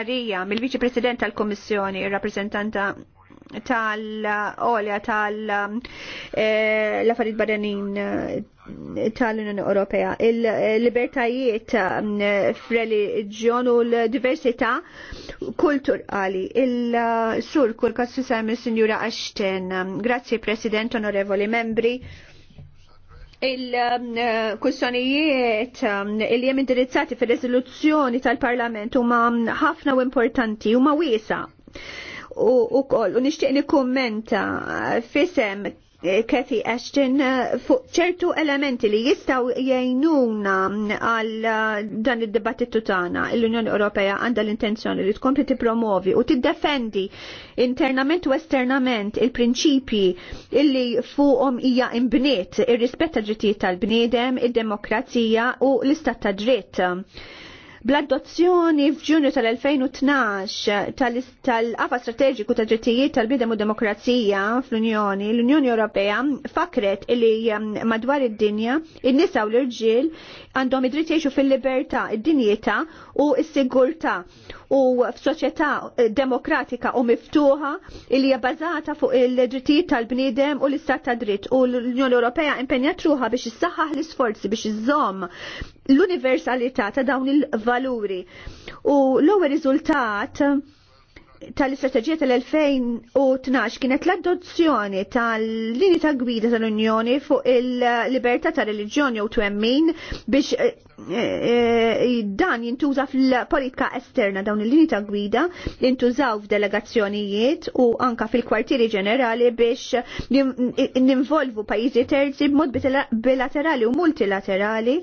Marija, mill-Viċi President tal-Kommissjoni, rappresentanta tal-Olja tal-Affarijiet eh, Barranin eh, tal-Unjoni Ewropea. Il-libertajiet eh, f-religjon u l-diversità kulturali. Il-sur kull kassu sajmi Sinjura Ashton. Grazzi President, onorevoli membri il-kussjonijiet eh, li jem indirizzati fil-rezoluzzjoni tal-Parlament huma ħafna u importanti huma wiesa u koll u nishtiqni nikkummenta fisem Kathy Ashton eh, fuq ċertu elementi li jistaw jgħinuna mm, għal eh, dan id-dibattitu tagħna l-Unjoni Ewropea għandha l-intenzjoni li tkompli tippromovi u tiddefendi internament u esternament il-prinċipji illi fuqhom hija imbniet ir rispetta tad drittijiet tal-bniedem, id-demokrazija u l-istat ta' dritt Bl-adozzjoni f'Ġunju tal-2012 tal-qafa strateġiku ta' drittijiet tal-bidem u demokrazija fl-Unjoni, l-Unjoni Ewropea fakret li um, madwar id-dinja in-nisa u l-irġiel għandhom id-dritt jgħixu fil-libertà, id-dinjità u s-sigurtà u f'soċjetà eh, demokratika u miftuħa li hija bażata fuq il-drittijiet tal-bniedem u l-istat ta' dritt u l-Unjoni Ewropea impenjat ruħa biex issaħħaħ l-isforzi biex iżomm l-universalità ta' dawn il-valuri. U l-ewwel riżultat tal-istrateġija tal-2012 kienet l-adozzjoni tal-lini ta' gwida tal-Unjoni fuq il-libertà ta' reliġjoni u twemmin biex eh, eh, eh, dan jintuża fil-politika esterna dawn il-lini ta' gwida jintużaw f'delegazzjonijiet u anka fil-kwartieri ġenerali biex ninvolvu pajjiżi terzi b'mod bilaterali u multilaterali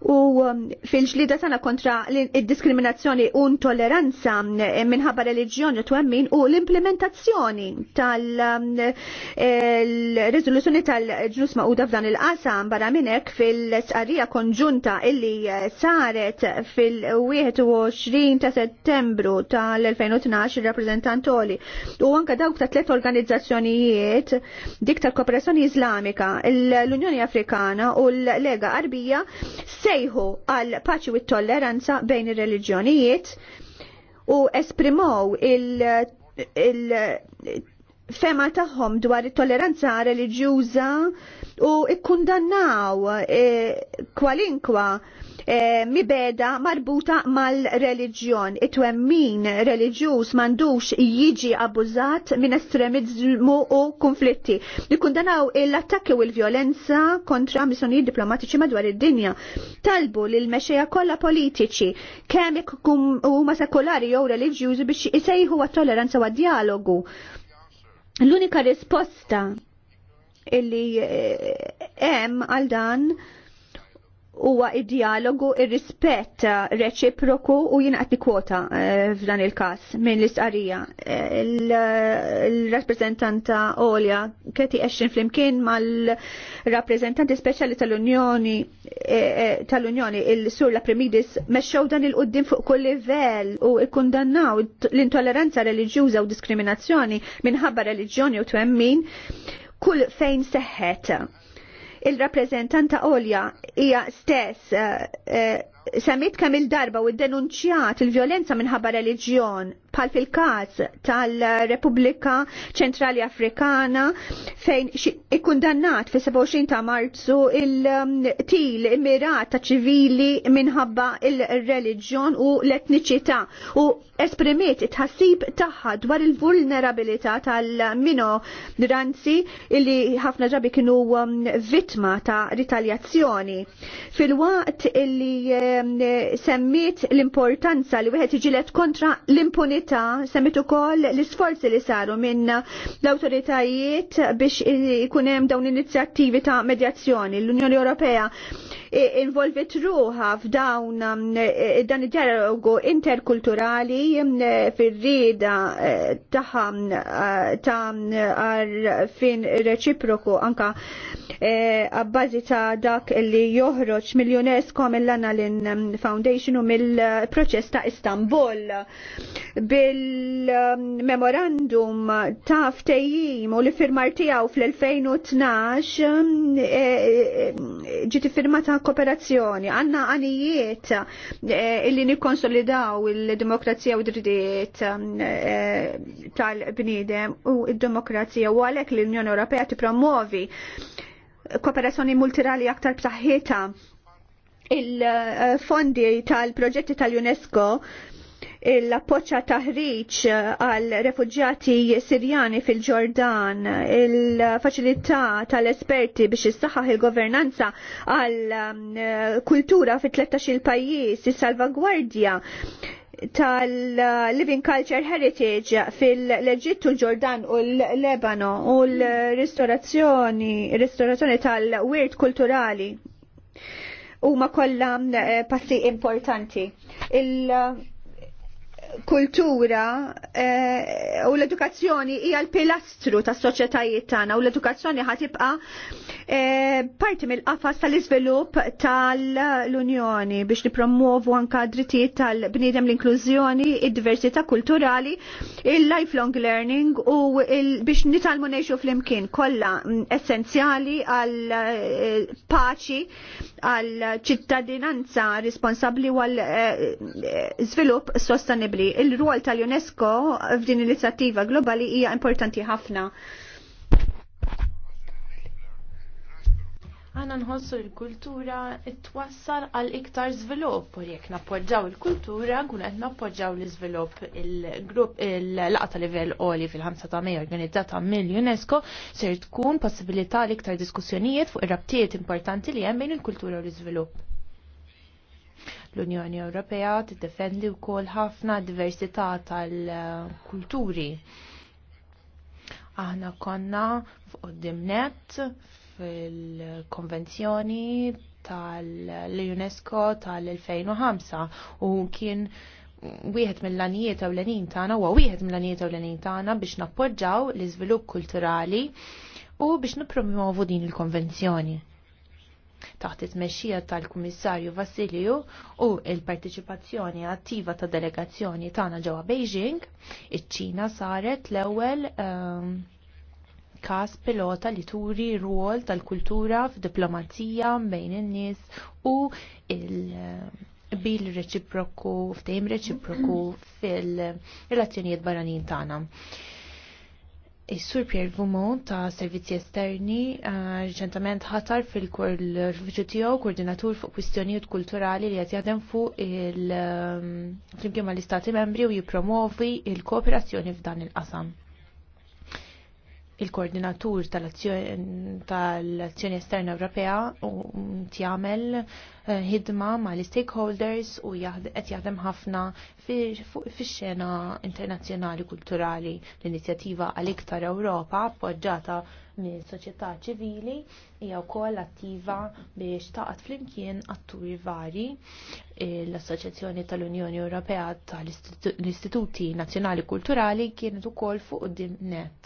u um, fil-ġlida tana kontra il-diskriminazzjoni u intolleranza mm, minħabba reliġjoni twemmin u l-implementazzjoni tal-rezoluzjoni um, eh, tal-ġnus maquda f'dan il-qasam barra minnek fil-sqarrija konġunta illi eh, saret fil-21 ta' settembru tal-2012 il-rappresentantoli u anka dawk ta' tlet organizzazzjonijiet dik tal-kooperazzjoni islamika l-Unjoni Afrikana u l-Lega Arbija se sejħu għal paċi u t-tolleranza bejn ir-reliġjonijiet u esprimow il, il fema tagħhom dwar it-tolleranza reliġjuża u ikkundannaw eh, kwalinkwa Eh, mibeda marbuta mal-reliġjon. It-twemmin reliġjuż mandux jiġi abbużat minn estremizmu u konflitti. Nikundanaw l-attakki u l-vjolenza kontra missjonijiet diplomatiċi madwar id-dinja. Talbu l mexeja kollha politiċi kemm huma sekolari jew reliġjużi biex isejħu għat-toleranza u għad-dialogu. L-unika risposta illi eh, hemm għal dan huwa id-dialogu, ir-rispett reċiproku u jien qed kwota eh, f'dan il-każ minn l isqarija eh, Il-rappreżentanta Olja keti għexin flimkien mal-rappreżentanti speċjali tal-Unjoni eh, tal-Unjoni il-Sur Primidis mexxew dan il-qudiem fuq kull livell u kkundannaw l-intolleranza reliġjuża u diskriminazzjoni minħabba reliġjoni u twemmin kull fejn seħħet il-rappreżentanta Olja hija stess eh, eh, semmit kemm il-darba u denunċjat il-vjolenza minħabba reliġjon pal fil-każ tal-Repubblika Ċentrali Afrikana fejn ikkundannat fi 27 ta' Marzu il-til imirat ta' ċivili minħabba il-reliġjon u l-etniċità u esprimiet it-ħassib tagħha dwar il-vulnerabilità tal mino Ranzi illi ħafna drabi kienu um, vittma ta' ritaljazzjoni. Fil-waqt illi eh, semmit l-importanza li wieħed iġilet kontra l-impunità, semmit ukoll l-isforzi li saru minn l-awtoritajiet biex ikun hemm dawn inizjattivi ta' medjazzjoni. L-Unjoni Ewropea involvit ruħa f'dawn um, e, e, dan id-dialogu interkulturali um, e, fir-rieda taħħa um, ta' fin reċiproku anka għabbażi ta' dak li joħroġ mill-UNESCO mill Foundation u mill-proċess ta' Istanbul bil-memorandum ta' ftejjim u li firmar tiegħu fl-2012 ġiet firmata kooperazzjoni, għanna għanijiet eh, illi nikkonsolidaw il-demokrazija u drittijiet eh, tal-bnidem u id-demokrazija u għalek l-Unjoni Ewropea tipromovi kooperazzjoni multirali aktar b'saħħitha il-fondi tal-proġetti tal-UNESCO l-appoċċa taħriġ eh, għal refuġjati Sirjani fil-Ġordan, il-faċilità tal-esperti biex issaħħaħ il-governanza għal eh, kultura fit-13 il-pajjiż, is-salvagwardja tal-Living Culture Heritage fil leġittu l-Ġordan u l-Lebano u l-ristorazzjoni, ristorazzjoni tal-wirt kulturali u ma kollha eh, passi importanti. Il- kultura eh, u l-edukazzjoni hija l-pilastru tas soċjetajiet tagħna u l-edukazzjoni ħatibqa eh, parti mill-qafas tal-iżvilupp tal-Unjoni biex nipromuovu anka drittijiet tal-bniedem l-inklużjoni, id-diversità kulturali, il-lifelong learning u biex nitalmu ngħixu flimkien kollha mm, essenzjali għal eh, paċi għal ċittadinanza responsabbli għal żvilupp sostenibbli globali. Il-rwol tal-UNESCO f'din l-inizjattiva globali hija importanti ħafna. Għana nħossu l-kultura twassal għal iktar zvilup, u jek nappoġġaw il-kultura, għunet nappoġġaw l-zvilup il-grupp il-laqta livell oli fil-5 ta' Mej organizzata mill-UNESCO, ser tkun possibilità l-iktar diskussjonijiet fuq ir rabtijiet importanti li hemm bejn il-kultura u l-zvilup. L-Unjoni Ewropea tiddefendi wkoll ħafna diversità tal-kulturi. Aħna konna fuq dimnet fil-konvenzjoni tal-UNESCO tal-2005 u kien wieħed mill-lanijiet ewlenin tagħna huwa wieħed mill-lanijiet ewlenin tagħna biex nappoġġaw l-iżvilupp kulturali u biex nippromovu din il-konvenzjoni taħt it-mexxija tal-Kummissarju Vassilju u il-partiċipazzjoni attiva ta' delegazzjoni tagħna ġewwa Beijing, iċ-Ċina saret l-ewwel ehm, każ kas pilota li turi rwol tal-kultura f'diplomazija bejn in-nies u il- bil reċiproku, ftehim reċiproku fil-relazzjonijiet barranin tagħna. Is-Sur Pierre Vumont ta' Servizzi Esterni eh, reċentament ħatar fil-uffiċċju kur l tiegħu koordinatur fuq kwistjonijiet kulturali li qed jaħdem fuq il-flimkien eh, mal-Istati Membri u jippromovi il-kooperazzjoni f'dan il-qasam il-koordinatur tal-azzjoni esterna Ewropea u tjamel eh, ħidma ma l-stakeholders u qed jaħdem ħafna fix-xena internazzjonali kulturali l-inizjattiva għal iktar Ewropa appoġġata minn soċjetà ċivili hija wkoll attiva biex taqgħod flimkien atturi vari l-Assoċjazzjoni tal-Unjoni Ewropea tal-Istituti Nazzjonali Kulturali kienet ukoll fuq din net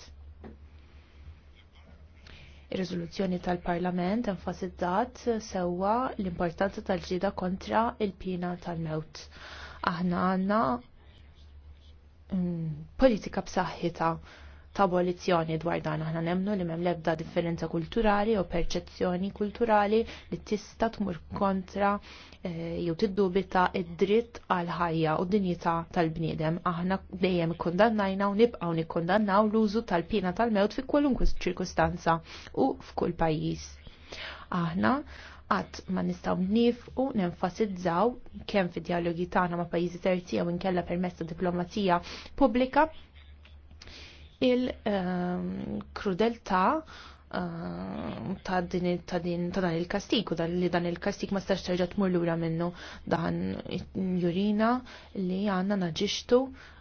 Ir-riżoluzzjoni tal-Parlament enfasizzat sewwa l-importanza tal-ġida kontra il-pina tal-mewt. Aħna għandna mm, politika b'saħħitha ta' abolizzjoni dwar dan aħna nemnu li mem lebda differenza kulturali u perċezzjoni kulturali li tista' tmur kontra eh, jew tiddubita id-dritt għal ħajja u dinjità tal-bniedem. Aħna dejjem kondannajna u nibqgħu nikkondannaw l-użu tal-pina tal-mewt fi kwalunkwe ċirkustanza u f'kull pajjiż. Aħna għat ma nistaw nif u nenfasizzaw kemm fi dialogi tagħna ma' pajjiżi terzi jew inkella permezz diplomazija pubblika il-krudeltà ehm, ta' din ta' din ta' dan il-kastik u li dan il-kastik ma stax terġa' tmur lura minnu dan jurina li għandna naġixtu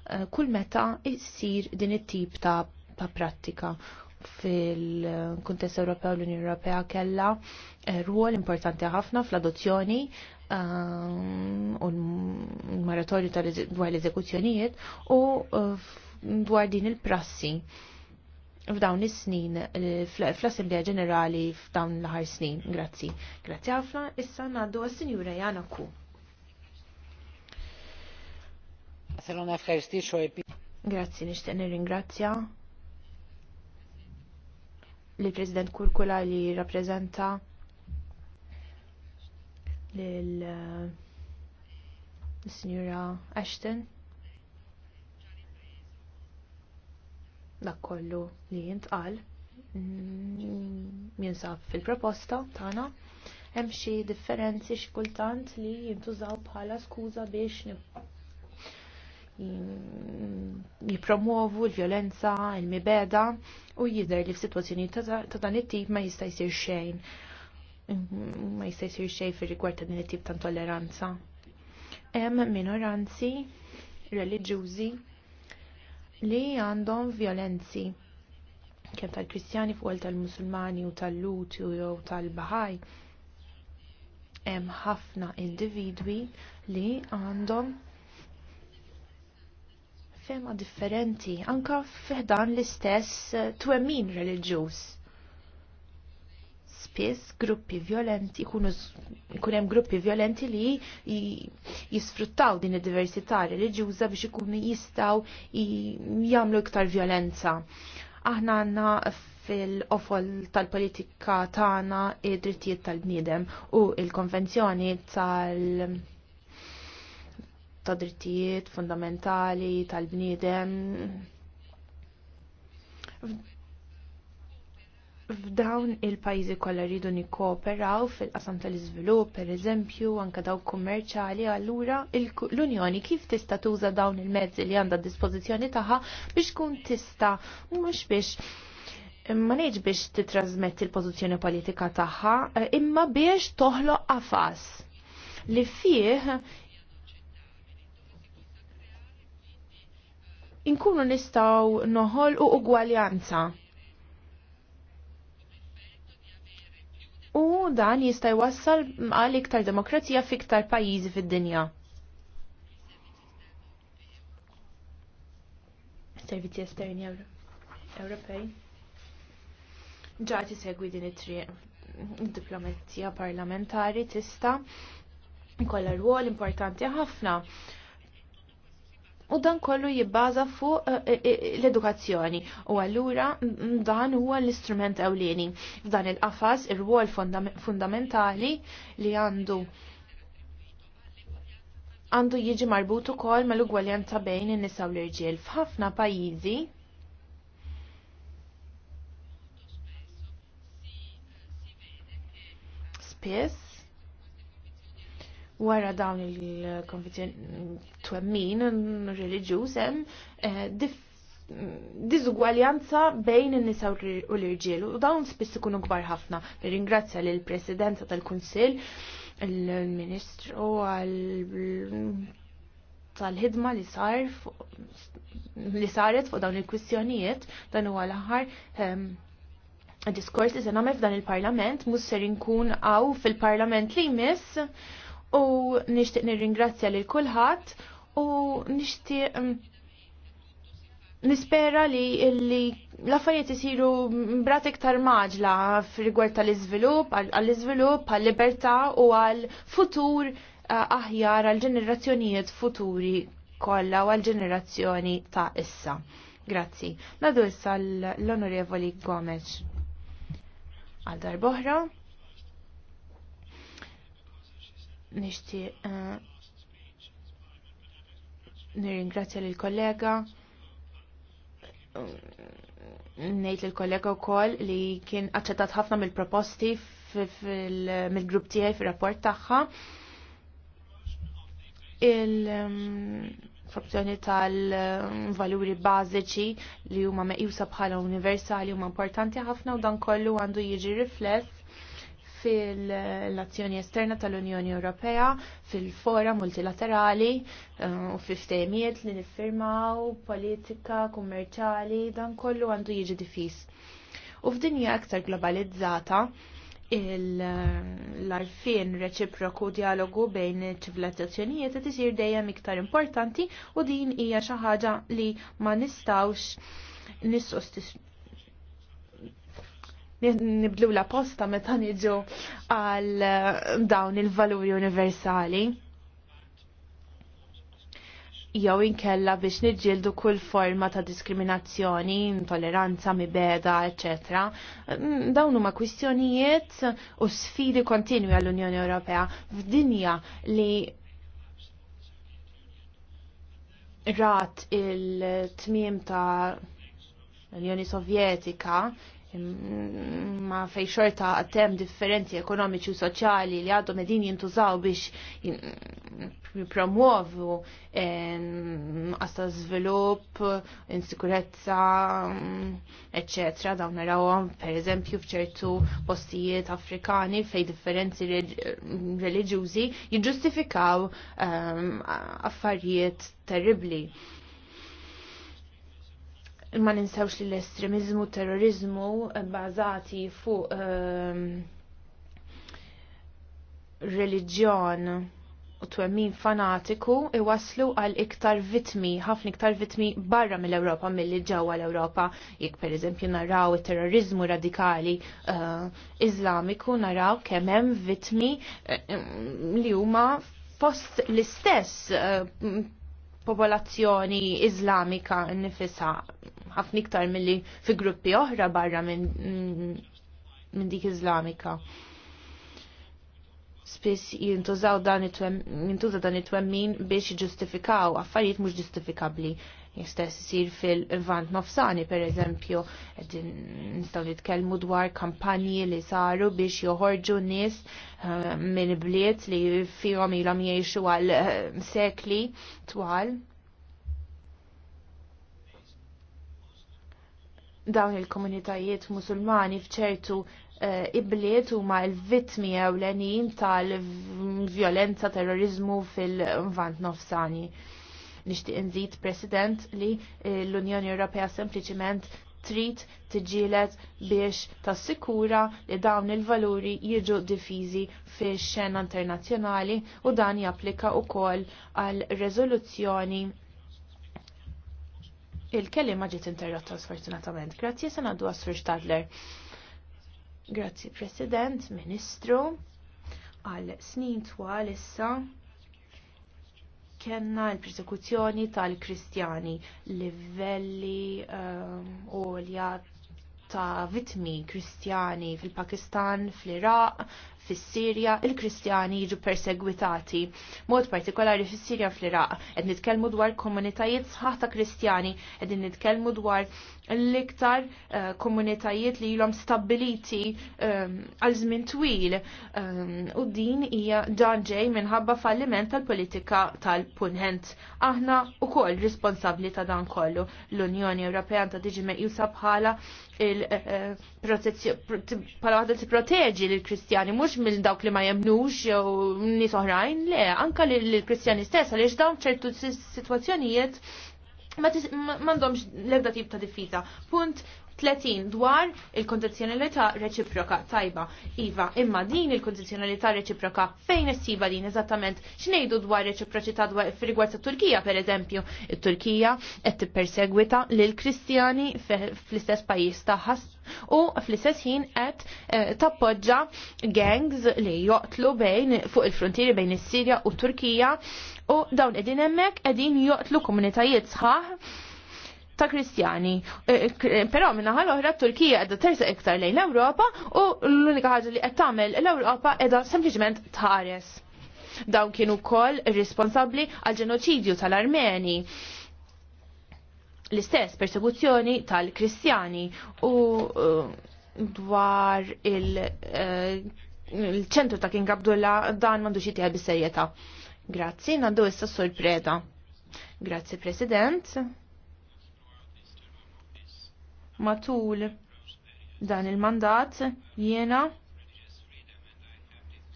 eh, kull meta issir din it-tip ta' ta' prattika fil-kuntest u l-Unjoni Ewropea kellha eh, ruol importanti ħafna fl-adozzjoni ehm, u l-maratorju dwar l-eżekuzzjonijiet u eh, dwar din il-prassi f'dawn is-snin eh, fl-Assemblea Ġenerali f'dawn l-ħar snin. Grazzi. Grazzi ħafna, issa ngħaddu għas-Sinjura Jana Ku. Grazzi, nixtieq nirringrazzja li President Kurkula li rappresenta lil eh, signora Ashton dak kollu li jintqal mm, jinsab fil-proposta tagħna hemm xi differenzi xi kultant li jintużaw bħala skuża biex mm, jipromuovu l-violenza, il-mibeda u jidher li f'sitwazzjoni ta' dan it-tip ma jista' jsir xejn mm, ma jista' jsir xejn fir-rigward ta' din it-tip ta' intolleranza. Hemm minoranzi reliġjużi li għandhom vjolenzi. Kemm tal-Kristjani fuq tal-Musulmani u tal-Luti u tal-Bahaj. Hemm ħafna individwi li għandhom fema differenti anka fiħdan l-istess twemmin reliġjuż spiss gruppi violenti, ikun hemm gruppi violenti li jisfruttaw din id-diversità reliġjuża biex ikunu jistaw jagħmlu iktar violenza. Aħna għandna fil-qofol tal-politika tagħna id-drittijiet tal-bniedem u il-konvenzjoni tal- ta' drittijiet fundamentali tal-bniedem f'dawn il-pajjiżi kollha rridu nikkooperaw fil-qasam tal-iżvilupp, pereżempju, anke dawk kummerċjali, allura l-Unjoni kif tista' tuża dawn il-mezzi li għandha dispożizzjoni tagħha biex tkun tista' mhux biex ma ngħidx biex titrasmetti l-pożizzjoni politika tagħha, imma biex toħloq qafas li fih inkunu nistaw noħol u ugwaljanza u dan jista' jwassal għal iktar demokrazija fiktar pajjiżi fid-dinja. Servizzi esterni Ewropej. Ġati segwi din it-triq. id-diplomazija parlamentari tista' kollha rwol importanti ħafna u dan kollu jibbaza fuq eh, eh, eh, l-edukazzjoni u allura dan huwa l-istrument ewlieni. F'dan il-qafas ir-rwol fundamentali li għandu għandu jiġi marbut ukoll mal-ugwaljanza bejn in-nisa u l-irġiel. F'ħafna pajjiżi spiss wara dawn il-konvenzjoni twemmin reliġjuż hemm eh, diżugwaljanza bejn in-nisa u l-irġiel u dawn spiss ikunu kbar ħafna. Nirringrazzja lill presidenza tal-Kunsill, il-Ministru għal tal-ħidma li sar li saret fuq dawn il-kwistjonijiet dan huwa l-aħħar ehm, diskors li se nagħmel f'dan il-Parlament mhux ser inkun għaw fil-Parlament li jmiss u nixtieq nirringrazzja lil kulħadd u nixtieq mm, nispera li li l-affarijiet isiru mbrat iktar maġla f'rigward tal-iżvilupp, għall-iżvilupp, għall-libertà u għall-futur aħjar għall-ġenerazzjonijiet futuri kollha u għall-ġenerazzjoni ta' issa. Grazzi. Nadu issa l-Onorevoli Gomez. Għal darboħra. nixtieq uh, nirringrazzja l kollega ngħid l kollega wkoll li kien aċċettat ħafna mill-proposti mill-grupp tiegħi fir-rapport tagħha. Il-proporzjoni mm, tal-valuri bażiċi li huma meqjusa bħala universali huma importanti ħafna u dan kollu għandu jiġi rifless fil-azzjoni esterna tal-Unjoni Ewropea, fil-fora multilaterali uh, u fil-ftejmiet li niffirmaw, politika, kummerċali, dan kollu għandu jiġi difis. U f'dinja aktar globalizzata, l-arfin reċiproku dialogu bejn ċivilizzazzjonijiet qed isir dejjem iktar importanti u din hija xi ħaġa li ma nistgħux nibdlu la posta meta niġu għal eh, dawn il-valuri universali. Jew inkella biex niġġieldu kull forma ta' diskriminazzjoni, intolleranza, mibeda, etc. Mm, dawn huma kwistjonijiet u sfidi kontinwi għall-Unjoni Ewropea f'dinja li rat il-tmiem ta' l-Unjoni Sovjetika ma fej xorta għattem differenti ekonomiċi u soċjali li għadhom edin jintużaw biex promuovu għasta zvilup, insikurezza, ecc. Dawn narawhom per eżempju f'ċertu postijiet Afrikani fej differenzi reliġjużi jiġġustifikaw affarijiet terribli. Ma ninsawx li l-estremizmu, terrorizmu eh, bazati fuq ehm, religjon u twemmin fanatiku iwaslu għal iktar vitmi, ħafna iktar vitmi barra mill europa mill-li ġewwa l-Ewropa, jek per eżempju naraw terrorizmu radikali uh, iżlamiku naraw kemm hemm vitmi uh, li huma fost l-istess uh, popolazzjoni Islamika nifisa ħafna iktar milli fi gruppi oħra barra minn min dik Islamika. Spiss jintużaw dan it-twemmin biex jġustifikaw affarijiet mhux ġustifikabbli. Jistess sir fil-vant nofsani, per eżempju, nistaw nitkellmu dwar kampanji li saru biex joħorġu nis eh, minn bliet li fihom ilhom jgħixu għal eh, sekli twal. Dawn il-komunitajiet musulmani fċertu uh, ibliet u ma l-vitmi ewlenin tal-violenza terrorizmu fil-vant nofsani. Nixtieq nżid President li eh, l-Unjoni Ewropea sempliċement trid tiġielet biex tassikura li dawn il-valuri jiġu diffiżi fix xena internazzjonali u dan japplika wkoll għal reżoluzzjoni il-kelima ġiet interrotta sfortunatament. Grazzi se għaddu Sur Stadler. Grazzi President, Ministru, għal snin twal issa kenna l-persekuzzjoni tal-Kristjani, livelli u um, ehm, ta' vitmi Kristjani fil-Pakistan, fl-Iraq, fis-Sirja il-Kristjani jiġu persegwitati. Mod partikolari fis-Sirja fl-Iraq qed nitkellmu dwar komunitajiet sħaħ ta' Kristjani, qed nitkellmu dwar l-iktar eh, komunitajiet li ilhom stabbiliti ehm, għal żmien twil ehm, u din hija dan ġej minħabba falliment tal-politika tal-punent. Aħna wkoll responsabbli ta' dan kollu. L-Unjoni Ewropea ta' diġi meqjusa bħala il-protezzjoni eh, eh, bħala waħda tipproteġi lill-Kristjani mux mhux mill dawk li ma jemnux jew nies oħrajn, le, anka lill-Kristjani stess għaliex dawn ċertu sitwazzjonijiet ma m'għandhomx l-ebda tip ta' diffita. Punt 30 dwar il-kondizjonalità reċiproka tajba. Iva, imma din il-kondizjonalità reċiproka fejn issiba din eżattament x'ngħidu dwar reċiproċità dwar rigward tat-Turkija pereżempju. It-Turkija qed tippersegwita lill Kristjani fl-istess pajjiż tagħha u fl-istess ħin qed eh, tappoġġa gangs li joqtlu bejn fuq il-frontieri bejn is-Sirja u Turkija u dawn qegħdin hemmhekk qegħdin joqtlu komunitajiet sħaħ ta' kristjani. E, e, e, però minna ħal oħra Turkija edha terza iktar lejn l-Ewropa u l-unika ħaġa li qed tagħmel l-Ewropa edha sempliċement tħares. Dawn kienu wkoll responsabbli għal ġenoċidju tal-Armeni l-istess persekuzzjoni tal-Kristjani u dwar il-ċentru ta' King Abdullah dan mandu xitiħe bis serjetà Grazzi, nandu issa sorpreda. Grazzi, President matul dan il-mandat jiena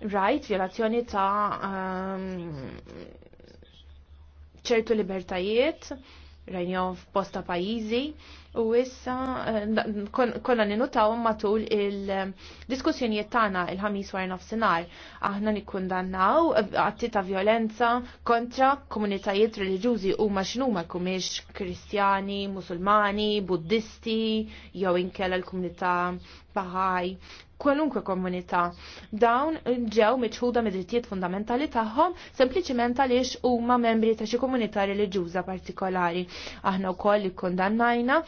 rajt violazzjoni ta' ehm, ċertu libertajiet rajnjom f'posta pajizi u issa eh, kollha ninutaw matul il-diskussjonijiet tagħna il-ħamis war nofsinhar. Aħna nikkundannaw atti ta' violenza kontra komunitajiet reliġjużi u maxnuma kumiex Kristjani, Musulmani, Buddisti, jew inkella l-komunità Bahaj kwalunkwe komunità. Dawn ġew miċħuda mid-drittijiet fundamentali tagħhom sempliċiment għaliex huma membri ta' xi komunità reliġjuża partikolari. Aħna wkoll ikkundannajna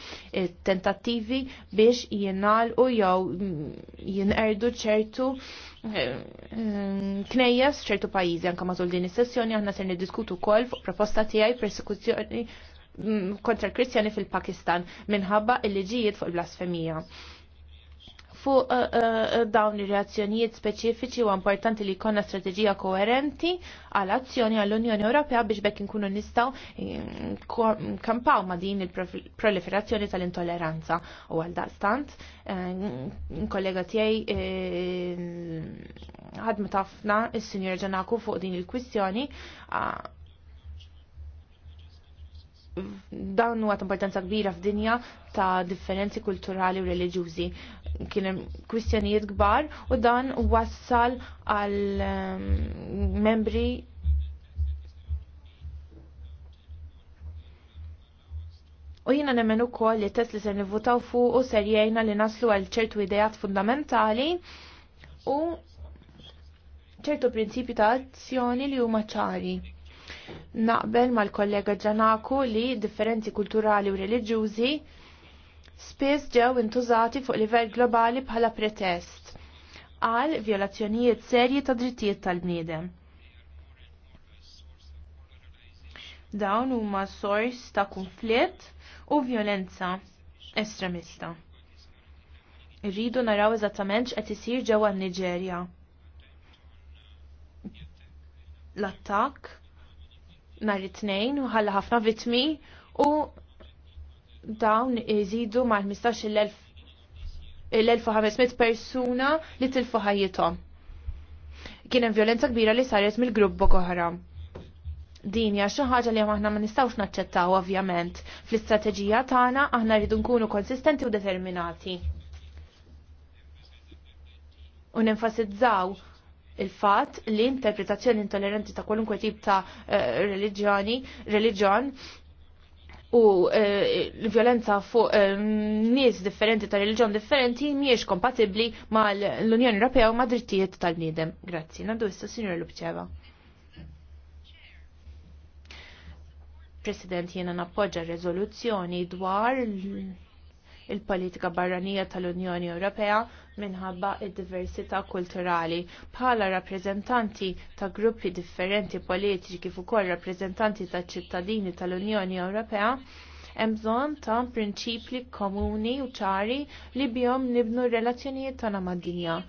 tentattivi biex jingħalqu jew jinqerdu ċertu eh, mm, knejjes ċertu pajjiżi anke matul din is-sessjoni aħna se niddiskutu wkoll fuq proposta tiegħi persekuzzjoni mm, kontra l-Kristjani fil-Pakistan minħabba il-liġijiet fuq il-blasfemija fuq eh, eh, eh, dawn ir-reazzjonijiet speċifiċi u importanti li jkollna strateġija koerenti għal azzjoni għall-Unjoni Ewropea biex bekk inkunu nistgħu kampaw ma' din il-proliferazzjoni tal-intolleranza u għal dastant. Kollega tiegħi ħadmu ħafna is-Sinjor Ġanaku fuq din il-kwistjoni ah, dawn huwa importanza kbira f'dinja ta' differenzi kulturali u reliġjużi kien hemm kwistjonijiet kbar u dan wassal għal ehm, membri U jina nemmen ukoll li test li se nivvutaw fuq u ser jgħinna li naslu għal ċertu idejat fundamentali u ċertu prinċipju ta' azzjoni li huma ċari. Naqbel mal-kollega Ġanaku li differenzi kulturali u reliġjużi spiss ġew intużati fuq livell globali bħala pretest għal violazzjonijiet serji ta' drittijiet tal-bniedem. Dawn huma sors ta' konflitt u violenza estremista. Irridu naraw eżattament x'qed isir ġewwa n-Niġerja. L-attakk nhar it-tnejn ħalla ħafna vitmi u dawn jizidu ma' 15.000 l-1500 persuna li tilfu ħajjithom. Kien hemm violenza kbira li saret mill-grupp Boko Haram. Din hija xi ħaġa li aħna ma nistgħux naċċettaw ovvjament. Fl-istrateġija tagħna aħna rridu nkunu konsistenti u determinati. U nenfasizzaw il-fatt li interpretazzjoni intolleranti ta' kwalunkwe tip ta' eh, reliġjoni, reliġjon u eh, l-violenza fuq eh, nies differenti ta' reliġjon differenti mhijiex kompatibbli mal l-Unjoni Ewropea u ma' drittijiet tal-niedem. Grazzi, nandu issa Sinjor Lubċeva. President jiena nappoġġa rezoluzzjoni dwar il-politika barranija tal-Unjoni Ewropea minħabba id-diversità kulturali. Bħala rappreżentanti ta' gruppi differenti politiċi kif ukoll rappreżentanti ta' ċittadini tal-Unjoni Ewropea, hemm bżonn ta' prinċipji komuni u ċari li bihom nibnu r relazzjonijiet tagħna mad-dinja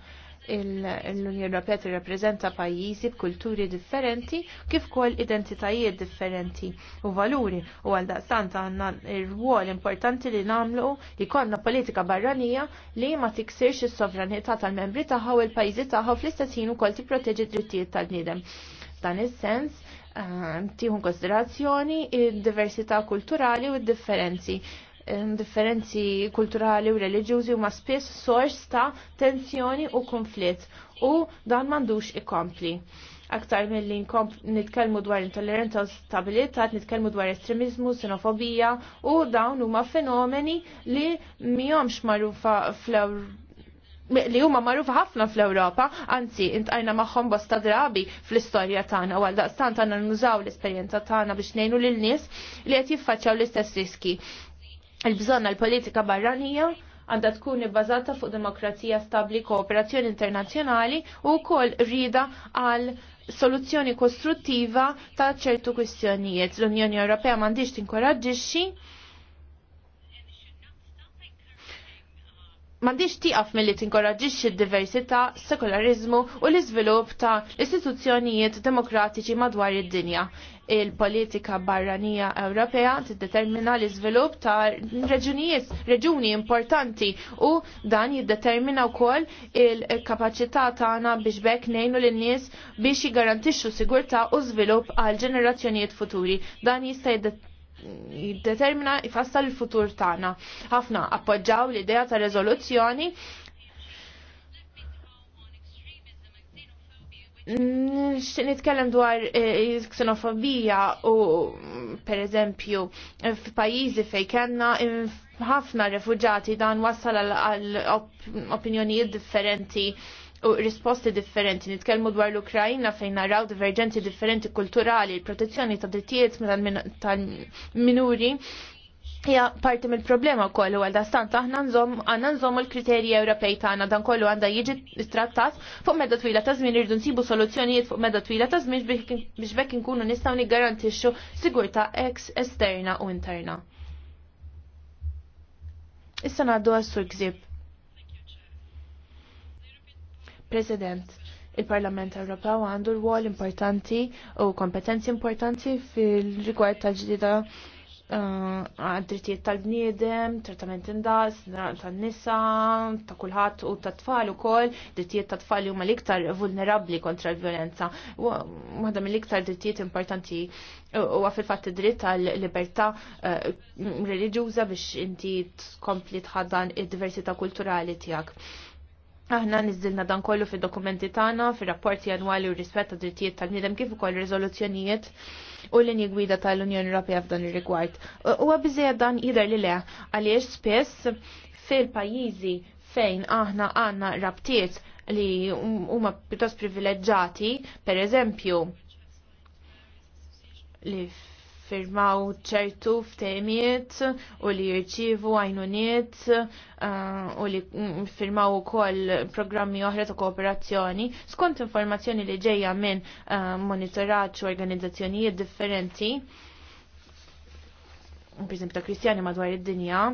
l-Unjoni Ewropea tirrappreżenta pajjiżi b'kulturi differenti kif ukoll identitajiet differenti u valuri u għal daqstant għandna rwol importanti li nagħmlu li konna politika barranija li ma tiksirx is-sovranità tal-membri tagħha u l-pajjiżi tagħha fl-istess ħin ukoll tipproteġi d-drittijiet tal-bniedem. Dan is-sens ehm, tieħu konsiderazzjoni id-diversità kulturali u d-differenzi differenzi kulturali u reliġjużi huma spiss sors ta' tensjoni u konflitt u dan m'għandux ikompli. Aktar mill-li nitkellmu dwar intolleranza u stabilità, nitkellmu dwar estremizmu, xenofobija u dawn huma fenomeni li mihomx magħrufa fl li huma magħrufa ħafna fl-Ewropa, anzi intqajna magħhom bosta drabi fl-istorja tagħna u għaldaqstant għandna nużaw l-esperjenza tagħna biex ngħinu lil nies li qed jiffaċċjaw l-istess riski il-bżonna l-politika barranija għandha tkun ibbażata fuq demokrazija stabli, kooperazzjoni internazzjonali u wkoll rida għal soluzzjoni kostruttiva ta' ċertu kwistjonijiet. L-Unjoni Ewropea m'għandix tinkoraġġixxi Mandiġ tiqaf mill-li tinkoraġġixxi d-diversità, sekolarizmu u l-iżvilupp ta' istituzzjonijiet demokratiċi madwar id-dinja il-politika barranija Ewropea tiddetermina l-iżvilupp ta' reġunijiet, reġuni importanti u dan jiddetermina wkoll il-kapaċità tagħna biex bekk ngħinu lin-nies biex jiggarantixxu sigurtà u żvilupp għal ġenerazzjonijiet futuri. Dan jista' jiddetermina jfassal il-futur tagħna. Ħafna appoġġaw l-idea ta' rezoluzzjoni Nishtiq nitkellem dwar ksenofobija eh, u per eżempju f'pajjiżi fejn kellna ħafna refuġati dan wassal għal opinjonijiet differenti u risposti differenti. Nitkellmu dwar l-Ukrajna fejn naraw divergenti differenti kulturali, protezzjoni ta' drittijiet tal-minuri. Min Ja parti mill-problema kollu għal dastant aħna nżomm għandna nżommu l-kriterji Ewropej tagħna dan kollu għandha jiġi trattat fuq medda twila ta' żmien irdu nsibu soluzzjonijiet fuq medda twila ta' żmien biex bekk inkunu nistgħu niggarantixxu sigurtà ex esterna u interna. Issa ngħaddu għas-sur gżib. President, il-Parlament Ewropew għandu l-wol importanti u kompetenzi importanti fil-rigward tal-ġdida Eh, għad-drittijiet tal-bniedem, trattament indas, tan-nisa, ta' kulħadd u ta' tfal ukoll, drittijiet ta' tfal huma l-iktar vulnerabbli kontra l-violenza. Waħda mill-iktar drittijiet importanti eh, huwa fil-fatt id-dritt tal-libertà eh, reliġjuża biex inti tkompli tħaddan id-diversità kulturali tiegħek Aħna niżilna dan kollu fid-dokumenti tagħna, fir-rapporti annwali u rispett ta' drittijiet tal-nidem kif ukoll riżoluzzjonijiet u l-linji gwida tal-Unjoni Ewropea f'dan ir-rigward. Huwa biżejjed dan jidher li le għaliex spiss fil-pajjiżi fejn aħna għandna rabtiet li huma pjuttost privileġġati, per eżempju, li firmaw ċertu ftejmiet u li jirċivu għajnuniet eh, u li firmaw ukoll programmi oħra ta' kooperazzjoni skont informazzjoni li ġejja minn eh, monitorat u organizzazzjonijiet differenti per ta' kristjani madwar id-dinja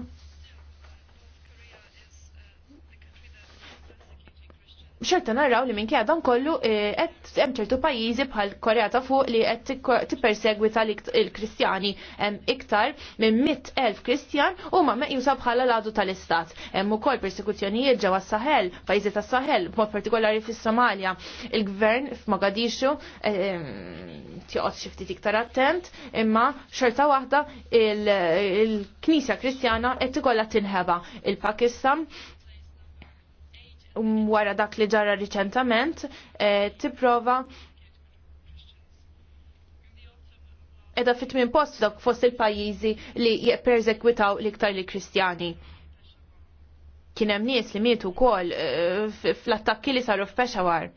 xorta narraw li minn kjadan kollu qed eh, hemm ċertu pajjiżi bħal Korea ta' fuq li qed tippersegwita il kristjani hemm iktar minn mit elf Kristjan huma meqjusa bħala ladu tal-Istat. Hemm ukoll persekuzzjonijiet ġewwa s-Saħel, pajjiżi tas-Saħel, b'mod partikolari fis-Somalja. Il-gvern f'Mogadishu eh, tjoqgħod xi ftit iktar attent, imma xorta waħda il-Knisja Kristjana qed ikollha tinħeba. Il-Pakistan Um, wara dak li ġara riċentament e, tipprova edha fit minn post dak fost il-pajjiżi li jipperżekwitaw l-iktar li kristjani. Kien hemm nies li mietu wkoll e, fl-attakki li saru f'Peshawar.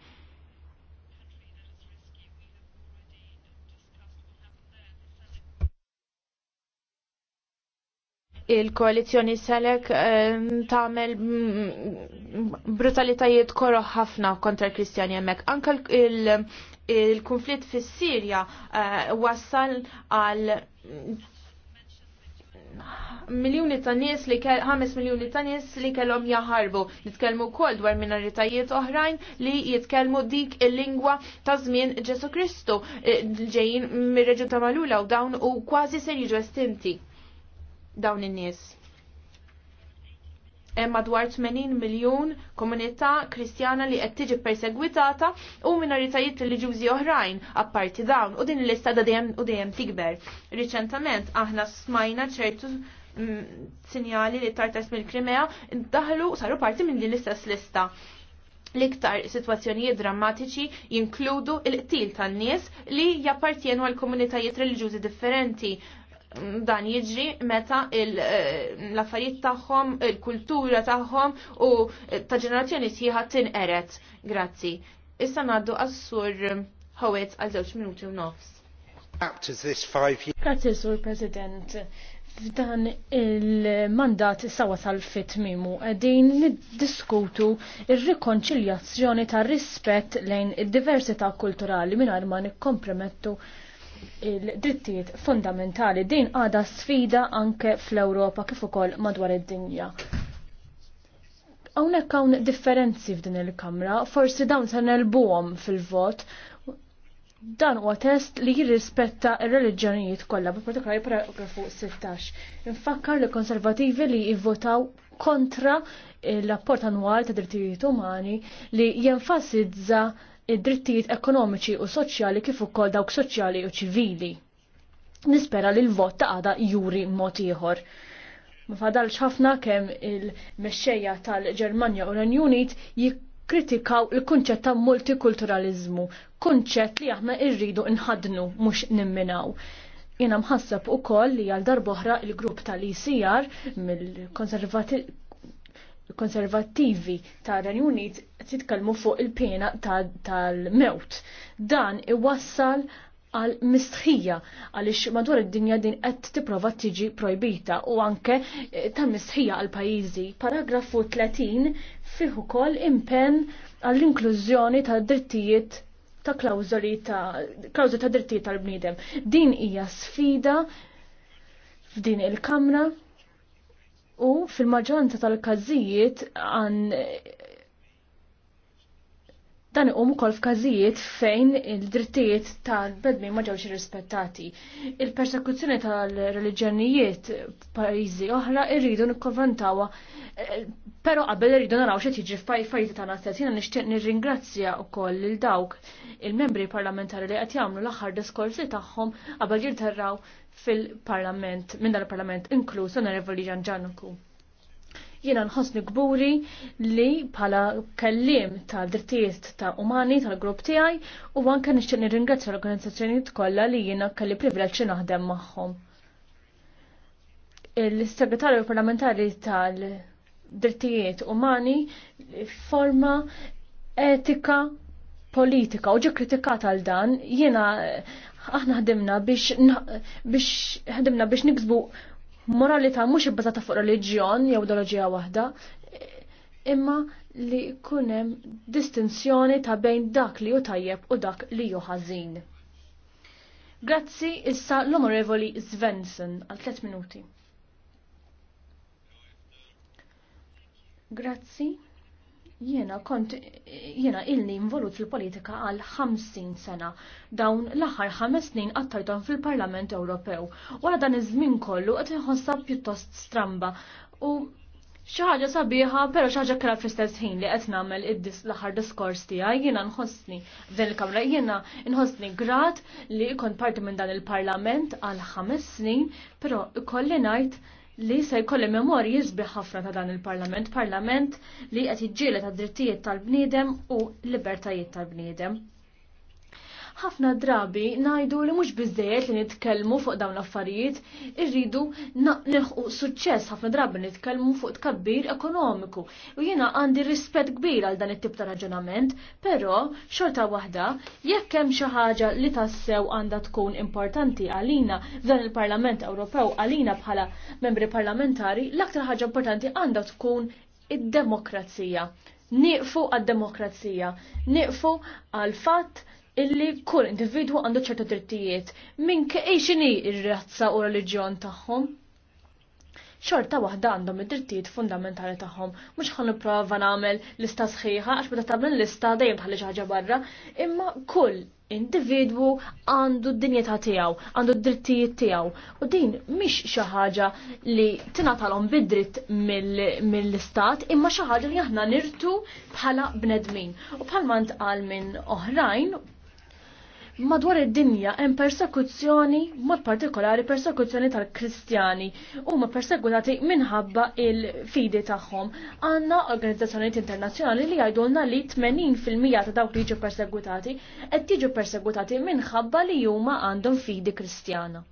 il-koalizjoni selek ehm, tagħmel mm, brutalitajiet korro ħafna kontra l-Kristjani jemmek. Anke il-konflitt fis-Sirja eh, wassal għal miljoni ta' nies li kell 5 miljoni ta' nies li kellhom jaħarbu. Nitkellmu wkoll dwar minoritajiet oħrajn li jitkellmu dik il-lingwa ta' żmien Ġesu Kristu eh, ġejjin mir-Reġjun ta' Malula u dawn u kważi se jiġu estinti dawn in-nies. Hemm madwar 80 miljun komunità kristjana li qed tiġi persegwitata u minoritajiet reliġjużi oħrajn apparti dawn u din il lista dejjem u dejjem tikber. Riċentament aħna smajna ċertu mm, sinjali li tartas mill-Krimea daħlu saru parti minn din l-istess lista. L-iktar situazzjonijiet drammatiċi jinkludu il-qtil tan-nies li jappartjenu għal komunitajiet reliġjużi differenti dan jiġri meta eh, l-affarijiet tagħhom, il-kultura tagħhom u ta' ġenerazzjoni tinqeret. Grazzi. Issa ngħaddu għas-sur Howitz għal żewġ minuti u nofs. Grazzi, Sur President. F'dan il-mandat issa wasal fit mimu qegħdin niddiskutu il rikonċiljazzjoni tar rispett lejn id-diversità kulturali mingħajr ma nikkompromettu il-drittijiet fundamentali din għada sfida anke fl-Ewropa kif ukoll madwar id-dinja. Hawnhekk hawn differenzi f'din il-Kamra, forsi dawn se nelbuhom fil-vot. Dan huwa test li jirrispetta r reliġjonijiet kollha, b'partikolari paragrafu 16. Infakkar li konservativi li jivvotaw kontra l-apport annwali ta' drittijiet umani li jenfasizza id-drittijiet ekonomiċi u soċjali kif ukoll dawk soċjali u ċivili. Nispera li l-vot ta' għada juri mod ieħor. Ma fadalx ħafna kemm il-mexxejja tal-Ġermanja u l-Renju Unit jikkritikaw il-kunċett ta' multikulturalizmu, kunċett li aħna rridu nħadnu mhux nimminaw. Jena mħassab u koll li għal darboħra il-grupp tal-ICR mill konservativ konservattivi ta' Renju Unit titkellmu fuq il-pena tal-mewt. Dan iwassal għal mistħija għaliex madwar id-dinja din qed tipprova tiġi projbita u anke eh, ta' mistħija għal pajjiżi. Paragrafu 30 fih ukoll impenn għall-inklużjoni ta' drittijiet ta' klawżoli ta' klawżoli ta' drittijiet tal-bniedem. Din hija sfida f'din il-Kamra U fil-maġġoranza tal-każijiet għan dan iqum ukoll f'każijiet fejn il-drittijiet tal-bedmin ma ġewx irrispettati. Il-persekuzzjoni tal-reliġjonijiet pajjiżi oħra irridu nikkonventawha, però qabel irridu naraw xi tiġi f'pajjiżi tagħna stess. Jiena nixtieq nirringrazzja wkoll lil dawk il-membri parlamentari li qed jagħmlu l-aħħar diskorsi tagħhom qabel jirterraw fil-parlament, minn dan il-parlament inkluż onorevoli Ġan Ġanku. Jiena nħossni gburi li bħala kellim ta' drittijiet ta' umani tal-grupp tiegħi u anke nixtieq nirringrazzja l-organizzazzjonijiet kollha li jiena kelli privileġġ naħdem magħhom. Il-segretarju parlamentari tal-drittijiet umani forma etika politika u ġi kritikata għal dan jiena aħna ħdimna biex biex ħdimna biex niksbu moralità mhux ibbażata fuq reliġjon jew ideoloġija waħda, imma li jkun hemm distinzjoni ta' bejn dak li hu tajjeb u dak li hu ħażin. Grazzi issa l-Onorevoli Svensson għal 3 minuti. Grazzi. Jena kont jena ilni involut fil-politika għal 50 sena. Dawn l-aħħar ħames snin qattajthom fil-Parlament Ewropew. Wara dan iż-żmien kollu qed inħossha pjuttost stramba u xi ħaġa sabiħa, però xi ħaġa kra fl-istess ħin li qed nagħmel l-aħħar diskors tiegħi jiena nħossni f'din il-kamra jiena nħossni grat li kont parti minn dan il-Parlament għal ħames snin, però ikolli ngħid li se jkolli memorji jizbi ħafna ta' dan il-parlament, parlament li qed jiġġiela ta' drittijiet tal-bniedem u libertajiet tal-bniedem ħafna drabi najdu li mhux biżejjed li nitkellmu fuq dawn l-affarijiet, irridu nilħu suċċess ħafna drabi nitkellmu fuq tkabbir ekonomiku. U jiena għandi rispett kbir għal dan it-tip ta' raġunament, però xorta waħda jekk hemm xi ħaġa li tassew għandha tkun importanti għalina f'dan il-Parlament Ewropew għalina bħala membri parlamentari, l-aktar ħaġa importanti għandha tkun id-demokrazija. Niqfu għad-demokrazija, niqfu għal fatt illi kull individwu għandu ċertu drittijiet minn xini ir-razza u reliġjon tagħhom. Xorta waħda għandhom id-drittijiet fundamentali tagħhom. Mhux ħan nipprova nagħmel lista sħiħa għax meta tagħmel lista dajem tħalli xi ħaġa barra, imma kull individwu għandu d dinjeta tiegħu, għandu d-drittijiet tiegħu. U din mhix xi ħaġa li tingħatalhom bid-dritt mill-istat, imma xi ħaġa li aħna nirtu bħala bnedmin. U bħalma għal minn oħrajn madwar id-dinja hemm persekuzzjoni, mod partikolari persekuzzjoni tal-Kristjani, huma persegwitati minħabba il-fidi tagħhom. Għandna organizzazzjonijiet internazzjonali li jgħidulna li 80% ta' dawk li jiġu persegwitati qed jiġu persegwitati minħabba li huma għandhom fidi Kristjana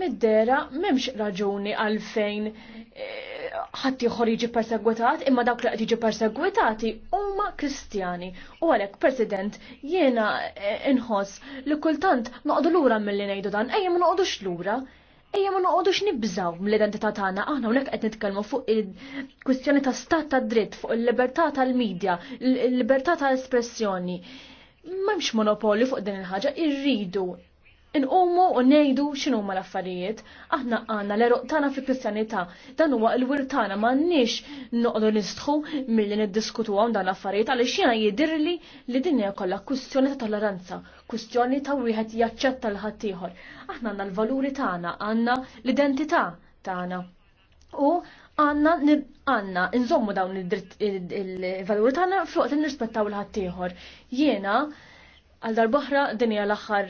mid-dera memx raġuni għalfejn eh, ħadd ieħor jiġi persegwitat imma dawk li qed jiġi persegwitati huma Kristjani. U għalhekk President jiena eh, inħoss li kultant noqogħdu lura milli ngħidu dan ejja ma noqogħdux lura. Ejja ma noqogħdux nibżaw mill-identità tagħna aħna hawnhekk qed nitkellmu fuq il-kwistjoni ta' stat ta' dritt, fuq il-libertà tal-medja, il-libertà tal-espressjoni. M'hemmx monopolju fuq din il-ħaġa, irridu inqumu u nejdu xinu ma l-affarijiet. Aħna għandna l-eruq tagħna fi kristjanità Dan huwa l-wir tagħna m'għandniex noqogħdu nistħu milli diskutu hawn dan l-affarijiet għaliex jidirli li din hija kollha kwistjoni ta' toleranza, kwistjoni ta' wieħed jaċċetta l ħattijħor Aħna għandna l-valuri tagħna, għandna l-identità tagħna. U għanna għanna nżommu dawn il-valuri tagħna fuq li nirrispettaw l-ħaddieħor. Jiena Għal darboħra din hija l-aħħar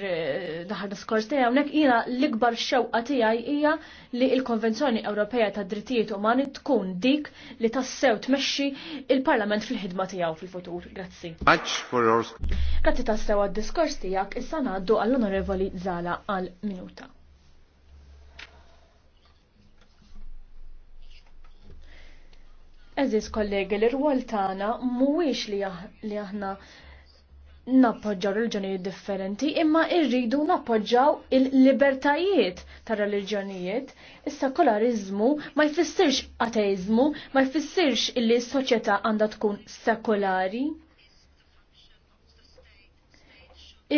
daħar eh, diskors tijaw hawnhekk jina l-ikbar xewqa tijaj hija li l-Konvenzjoni Ewropea tad Drittijiet Umani tkun dik li tassew tmexxi il-Parlament fil-ħidma tiegħu fil-futur. Grazzi. Grazzi tassew għad-diskors tiegħek issa ngħaddu għall-Onorevoli Zala għal minuta. Eżis kollegi, l-irwol tagħna mhuwiex li aħna nappoġġaw reliġjonijiet differenti, imma irridu nappoġġaw il-libertajiet ta' reliġjonijiet. Is-sekolarizmu ma jfissirx ateizmu, ma jfissirx illi s-soċjetà għandha tkun sekolari.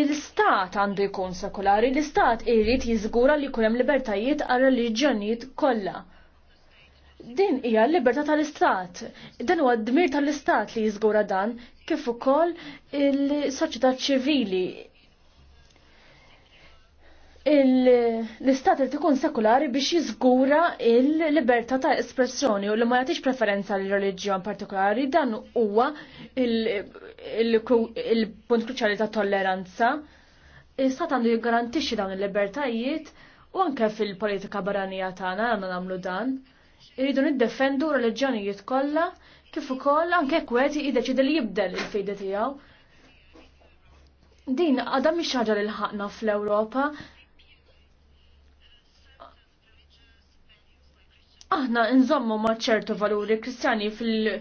Il-stat għandu jkun sekolari, l-istat irrid jiżgura li kulem libertajiet għal reliġjonijiet kollha Din hija l-libertà tal-istat. Dan huwa d-dmir tal-istat li jiżgura dan kif ukoll il-soċjetà ċivili. L-istat li ikun sekulari biex jiżgura il-libertà ta' espressjoni u li ma jagħtix preferenza l reliġjon partikolari dan huwa il-punt kruċjali ta' tolleranza. L-istat għandu jiggarantixxi dawn il-libertajiet u anke fil-politika barranija tagħna għandna nagħmlu dan. Irridu niddefendu reliġjonijiet kollha kif ukoll anke kweti jiddeċidi li jibdel il fejda tiegħu. Din għadha mhix ħaġa li ħaqna fl-Ewropa. Aħna nżommu ma' ċertu valuri kristjani fil-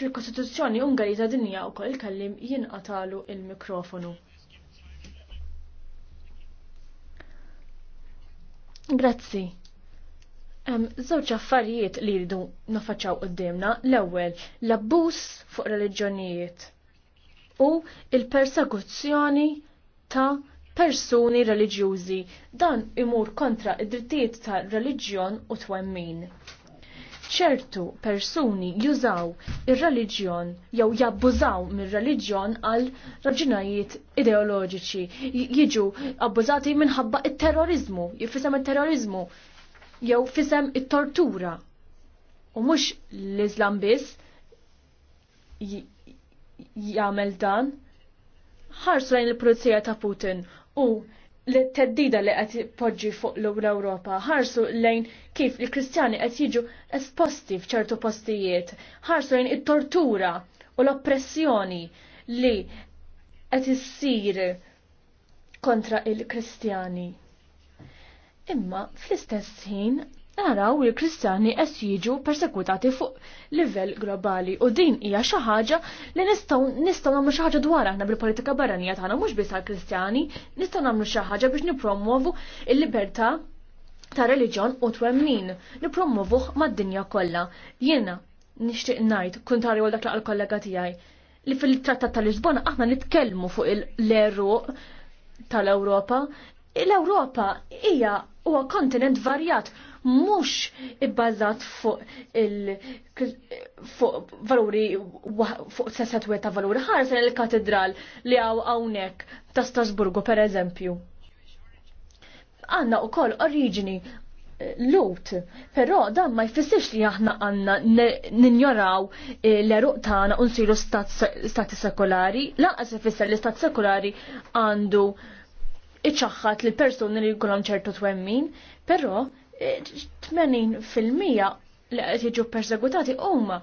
fil-Kostituzzjoni Ungari ta' dinja u koll kellim jinqatalu il-mikrofonu. Grazzi. Żewġ affarijiet li jridu nafaċaw qudiemna l-ewwel l-abbuż fuq reliġjonijiet u il-persekuzzjoni ta' persuni reliġjużi. Dan imur kontra id-drittijiet ta' reliġjon u twemmin. ċertu persuni jużaw ir-reliġjon jew jabbużaw mir-reliġjon għal raġunajiet ideoloġiċi, jiġu abbużati minħabba it-terrorizmu, jifisem it-terrorizmu. it terrorizmu jifisem terrorizmu it terrorizmu jew fisem it-tortura. U mhux l-Islam biss jagħmel dan. Ħarsu lejn il-pulizija ta' Putin u l-teddida li qed poġġi fuq l-Ewropa, ħarsu lejn kif il-Kristjani qed jiġu esposti f'ċertu postijiet, ħarsu lejn it-tortura u l-oppressjoni li qed issir kontra il-Kristjani. Imma fl-istess ħin naraw li l-Kristjani qed jiġu persekutati fuq livell globali u din hija xi ħaġa li nistgħu nistgħu nagħmlu xi ħaġa dwar aħna bil-politika barranija tagħna mhux biss għall-Kristjani, nistgħu nagħmlu xi ħaġa biex nippromovu l-libertà ta' reliġjon u twemmin, nippromovuh mad-dinja kollha. Jiena nixtieq ngħid kuntarju għal dak laqal kollega tiegħi li fil-Trattat tal-Lisbona aħna nitkellmu fuq l erruq tal-Ewropa l-Ewropa hija huwa kontinent varjat mhux ibbażat fuq il fuq valuri fuq sessatwe ta' valuri ħarsen il-katedral li hawn hawnhekk ta' Strasburgu pereżempju. Għandna wkoll oriġini eh, Lut, però dan ma jfissirx li aħna għanna ninjoraw eh, l-eruq tagħna u nsiru stat sekolari, laqas ifisser li stat sekolari għandu iċaħħat li persuni li jkollhom ċertu twemmin, però 80% e, li qed jiġu persegutati huma,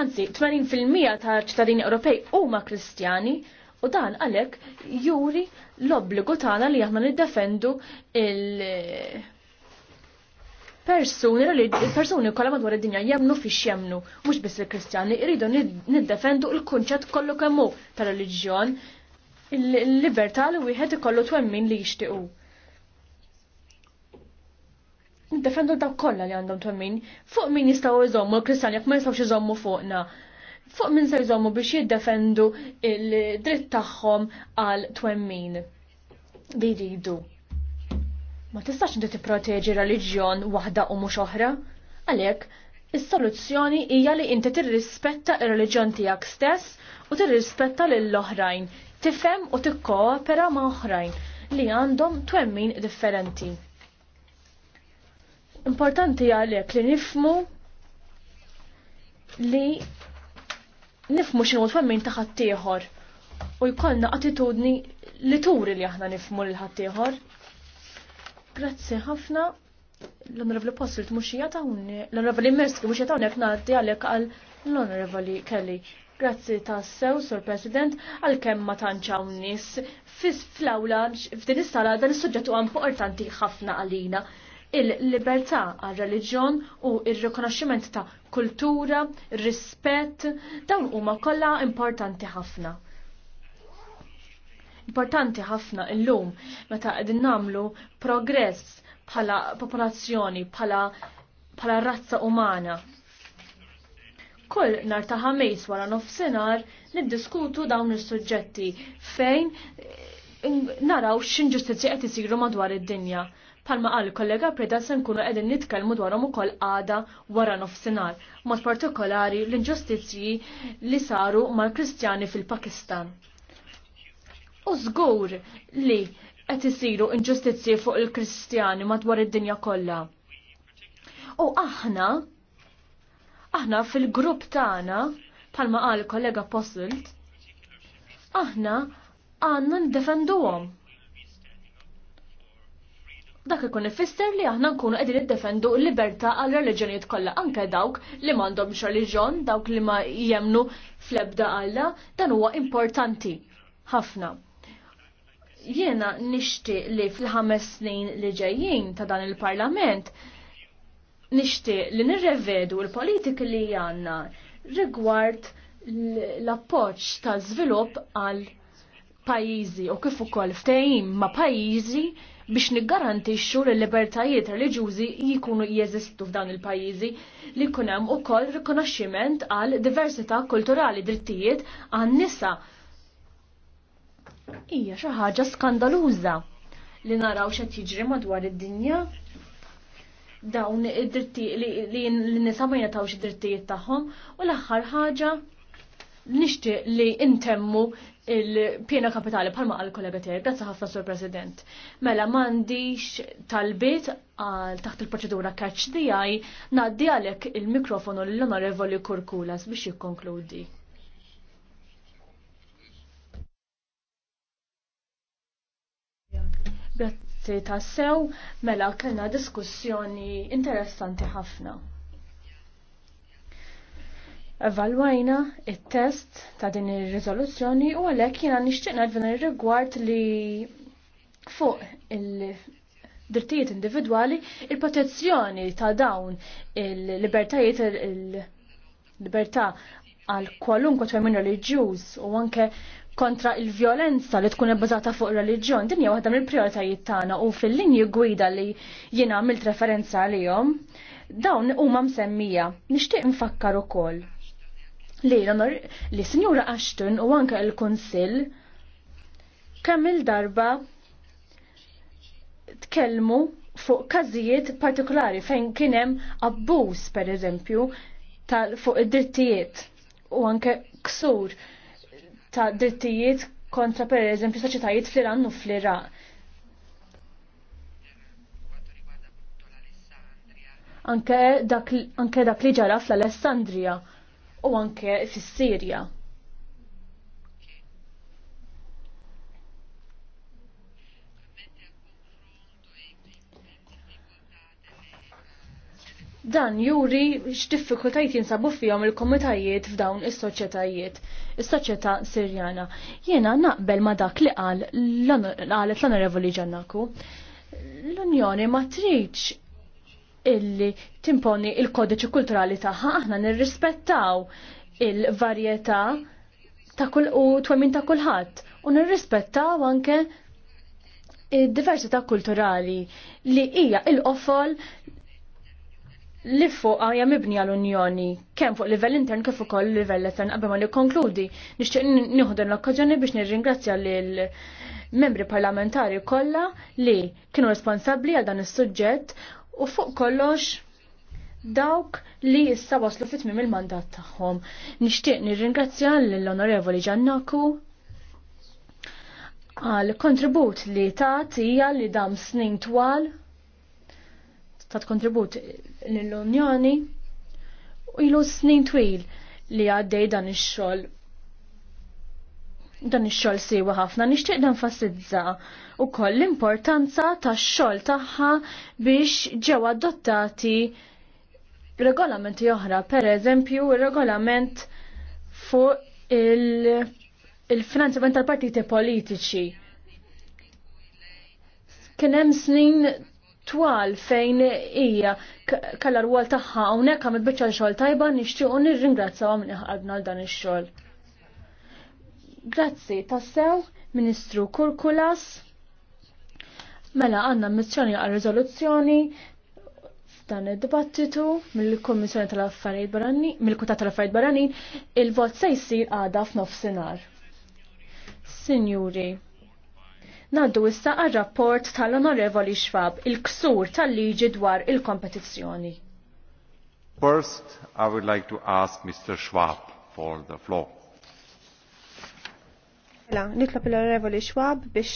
anzi 80% ta' ċittadini Ewropej huma Kristjani u dan għalhekk juri l-obbligu tagħna li aħna niddefendu il persuni li persuni kollha madwar id-dinja jemnu fi x'jemnu, mhux biss il-Kristjani, iridu niddefendu il-kunċett kollu kemm hu ta' reliġjon il-libertà li wieħed ikollu twemmin li jixtiequ. Niddefendu dak kollha li għandhom twemmin. Fuq min jistgħu jżommu l-Kristjani jekk ma jistgħux iżommu fuqna. Fuq min se jżommu biex jiddefendu il-dritt tagħhom għal twemmin li jridu. Ma tistax inti tipproteġi reliġjon waħda u mhux oħra. Għalhekk, Is-soluzzjoni hija li inti tirrispetta ir-reliġjon tiegħek stess u tirrispetta lill oħrajn tifhem u tikkoopera ma' oħrajn li għandhom twemmin differenti. Importanti għalek li nifmu li nifmu xinu twemmin ta' ħaddieħor u jkollna attitudni li turi li aħna nifmu l ħaddieħor. Grazzi ħafna l-onorevoli Postil t-muxija ta' l-onorevoli Merski muxija ta' għalek għal l-onorevoli Kelly. Grazzi tassew, Sur President, għal kem ma tanċaw nis. Fis-flawla, f'din is dan is-suġġett huwa importanti ħafna għalina. Il-libertà għal reliġjon u il-rikonoxximent ta' kultura, rispett, dawn huma kollha importanti ħafna. Importanti ħafna illum meta qegħdin nagħmlu progress bħala popolazzjoni, bħala razza umana kull nar ta' ħamejs wara nofsinhar niddiskutu dawn is-suġġetti fejn eh, naraw x'inġustizzji qed isiru madwar id-dinja. Palma qal kollega Preda se nkunu qegħdin nitkellmu dwarhom ukoll għada wara nofsinhar, mod partikolari l-inġustizzji li saru mal-Kristjani fil-Pakistan. U żgur li qed isiru inġustizzji fuq il-Kristjani madwar id-dinja kollha. U aħna Aħna fil-grupp tagħna bħalma qal kollega Posselt, aħna għandna ndefenduhom. Dak ikun ifisser li aħna nkunu qegħdin iddefendu l-libertà għal reliġjonijiet kollha anke dawk li m'għandhomx reliġjon, dawk li ma jemnu fl-ebda Alla, dan huwa importanti ħafna. Jiena nixtieq li fil-ħames snin li ġejjin ta' dan il-Parlament nixtieq li nirrevedu l-politika li għandna rigward l appoċ ta' żvilupp għal pajjiżi u kif ukoll ftehim ma' pajjiżi biex niggarantixxu li l-libertajiet reliġjużi jikunu jeżistu f'dan il-pajjiżi li jkun hemm ukoll rikonoxximent għal diversità kulturali drittijiet għan-nisa. Hija xi ħaġa skandaluża li naraw x'qed jiġri madwar id-dinja dawn id-dritti li l nisa ma jnatawx id-drittijiet tagħhom u l-aħħar ħaġa nixtieq li intemmu il-pjena kapitali bħalma għal tiegħi. grazzi ħafna sur President. Mela m'għandix talbiet għal taħt il-proċedura catch dijaj, ngħaddi għalhekk il-mikrofonu l-onorevoli Kurkulas biex jikkonkludi. Grazie. Grazzi tassew, mela kellna diskussjoni interessanti ħafna. Evalwajna il test ta' din ir-riżoluzzjoni u għalhekk jiena nixtieq f'dan ir-rigward li fuq il-drittijiet individwali il-protezzjoni ta' dawn il-libertajiet il-libertà għal kwalunkwe twemmin reliġjuż u anke kontra il-violenza li tkun ibbażata fuq il reliġjon din hija waħda mill-prijoritajiet tagħna u fil-linji gwida li jiena għamilt referenza għalihom dawn huma msemmija. Nixtieq nfakkar ukoll li l-onor li Sinjura Ashton u anke l-Kunsill kemm il-darba tkellmu fuq każijiet partikolari fejn kien hemm abbuż pereżempju tal fuq id-drittijiet u anke ksur ta' drittijiet kontra per eżempju soċjetajiet fl-Iran u fl-Iraq. Anke dak, anke dak li ġara fl-Alessandria u anke fis-Sirja. Dan juri x'diffikultajt jinsabu fihom il-komitajiet f'dawn is-soċjetajiet, is-soċjetà Sirjana. Jiena naqbel ma dak li qal għalet l-Onorevoli Ġannaku. L-Unjoni ma tridx illi timponi il-kodiċi kulturali tagħha aħna nirrispettaw il-varjetà ta' kull u twemmin ta' kulħadd u nirrispettaw anke diversità kulturali li hija il-qofol li fuqa ah, għajja mibni għal unjoni kemm fuq livell intern kif ukoll livell estern qabel ma nikkonkludi. Nixtieq nieħdu l okkażjoni biex nirringrazzja lil membri parlamentari kollha li kienu responsabbli għal dan is-suġġett u fuq kollox dawk li issa waslu fit tmiem il-mandat tagħhom. Nixtieq nirringrazzja lill-Onorevoli Ġannaku għal kontribut li tat hija li dam snin twal ta' kontribut l-Unjoni u ilu snin twil li għaddej dan ix-xogħol dan ix-xogħol siwa ħafna nixtieq dan fassizza ukoll l-importanza tax-xogħol tagħha biex ġew adottati regolamenti oħra, per eżempju regolament fuq il-finanzjament il tal-partiti politiċi. Kien hemm snin twal fejn hija kellha rwol tagħha hawnhekk għamet biċċa xogħol tajba nixtiequ nirringrazzaw minn ħadna għal dan ix-xogħol. Grazzi tassew, Ministru Kurkulas. Mela għandna mizzjoni għal riżoluzzjoni f'dan id-dibattitu mill-Kommissjoni tal-Affarijiet Barranin, mill-Kutat tal-Affarijiet Barranin, il-vot se jsir għadha f'nofsinhar. Sinjuri, Naddu issa għal-rapport tal-Onorevoli Schwab il-ksur tal-liġi dwar il-kompetizzjoni. First, I would like to ask Mr. Schwab for the floor. Mela, Nitlop l-Onorevoli Schwab biex